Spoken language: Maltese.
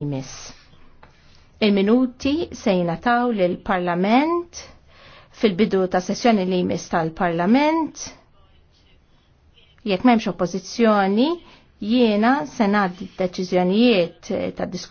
jmiss. Il-minuti se jinataw l-Parlament fil-bidu ta' sessjoni li jmiss tal-Parlament. Jekk memx oppożizzjoni, jiena se ngħaddi deċiżjonijiet ta' diskussjoni